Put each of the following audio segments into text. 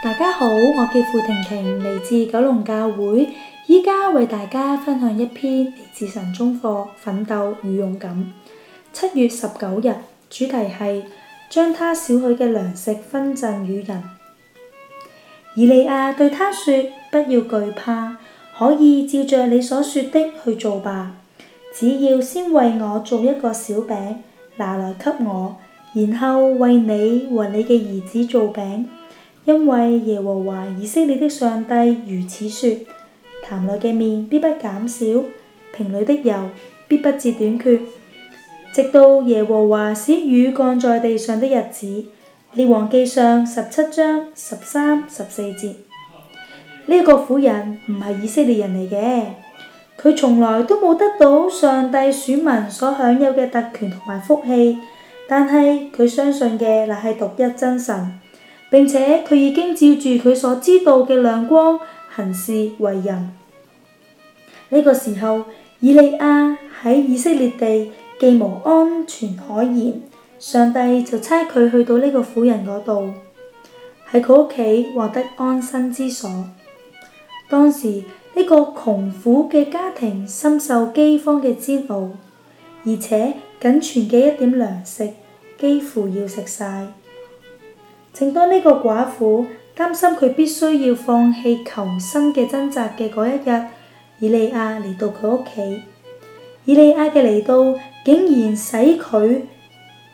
大家好，我叫付婷婷，嚟自九龍教會，依家為大家分享一篇自神中課《奮鬥與勇敢》。七月十九日，主題係將他少許嘅糧食分贈與人。以利亞對他說：不要懼怕，可以照着你所說的去做吧。只要先為我做一個小餅，拿來給我，然後為你和你嘅兒子做餅。因為耶和華以色列的上帝如此說：罈內嘅麵必不減少，瓶裏的油必不至短缺，直到耶和華使雨降在地上的日子。列王記上十七章十三、十四節。呢、這、一個婦人唔係以色列人嚟嘅，佢從來都冇得到上帝選民所享有嘅特權同埋福氣，但係佢相信嘅乃係獨一真神。並且佢已經照住佢所知道嘅亮光行事為人。呢個時候，以利亞喺以色列地既無安全可言，上帝就差佢去到呢個婦人嗰度，喺佢屋企獲得安身之所。當時呢個窮苦嘅家庭深受饑荒嘅煎熬，而且僅存嘅一點糧食幾乎要食晒。正當呢個寡婦擔心佢必須要放棄求生嘅掙扎嘅嗰一日，以利亞嚟到佢屋企。以利亞嘅嚟到，竟然使佢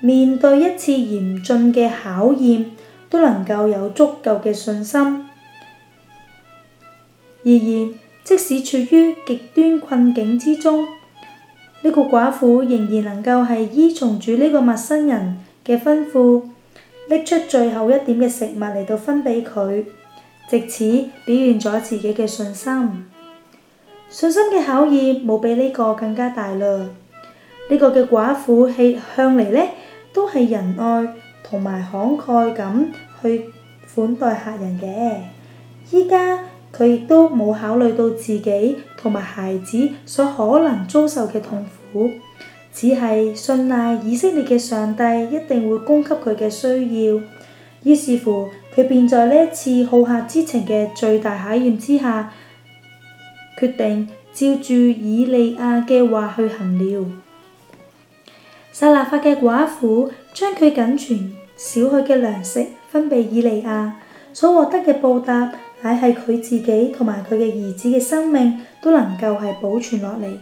面對一次嚴峻嘅考驗，都能夠有足夠嘅信心。而然，即使處於極端困境之中，呢、這個寡婦仍然能夠係依從住呢個陌生人嘅吩咐。拎出最後一點嘅食物嚟到分俾佢，藉此表現咗自己嘅信心。信心嘅考驗冇比呢個更加大嘞。呢、呢個嘅寡婦係向嚟呢，都係仁愛同埋慷慨咁去款待客人嘅，而家佢亦都冇考慮到自己同埋孩子所可能遭受嘅痛苦。只係信賴以色列嘅上帝，一定會供給佢嘅需要。於是乎，佢便在呢一次好客之情嘅最大考驗之下，決定照住以利亞嘅話去行了。撒勒法嘅寡婦將佢僅存少許嘅糧食分俾以利亞，所獲得嘅報答，乃係佢自己同埋佢嘅兒子嘅生命都能夠係保存落嚟。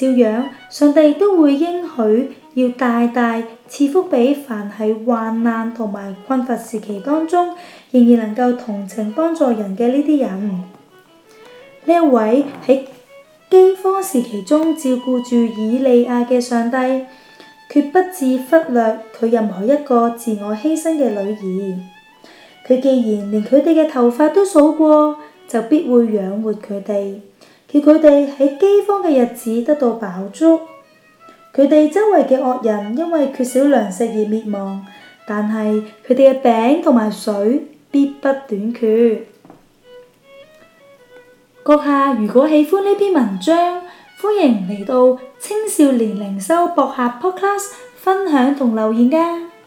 照樣，上帝都會應許要大大賜福俾凡喺患難同埋困乏時期當中，仍然能夠同情幫助人嘅呢啲人。呢一位喺饑荒時期中照顧住以利亞嘅上帝，決不致忽略佢任何一個自我犧牲嘅女兒。佢既然連佢哋嘅頭髮都數過，就必會養活佢哋。叫佢哋喺饑荒嘅日子得到飽足，佢哋周圍嘅惡人因為缺少糧食而滅亡，但係佢哋嘅餅同埋水必不短缺。閣下如果喜歡呢篇文章，歡迎嚟到青少年靈修博客 podcast 分享同留言噶。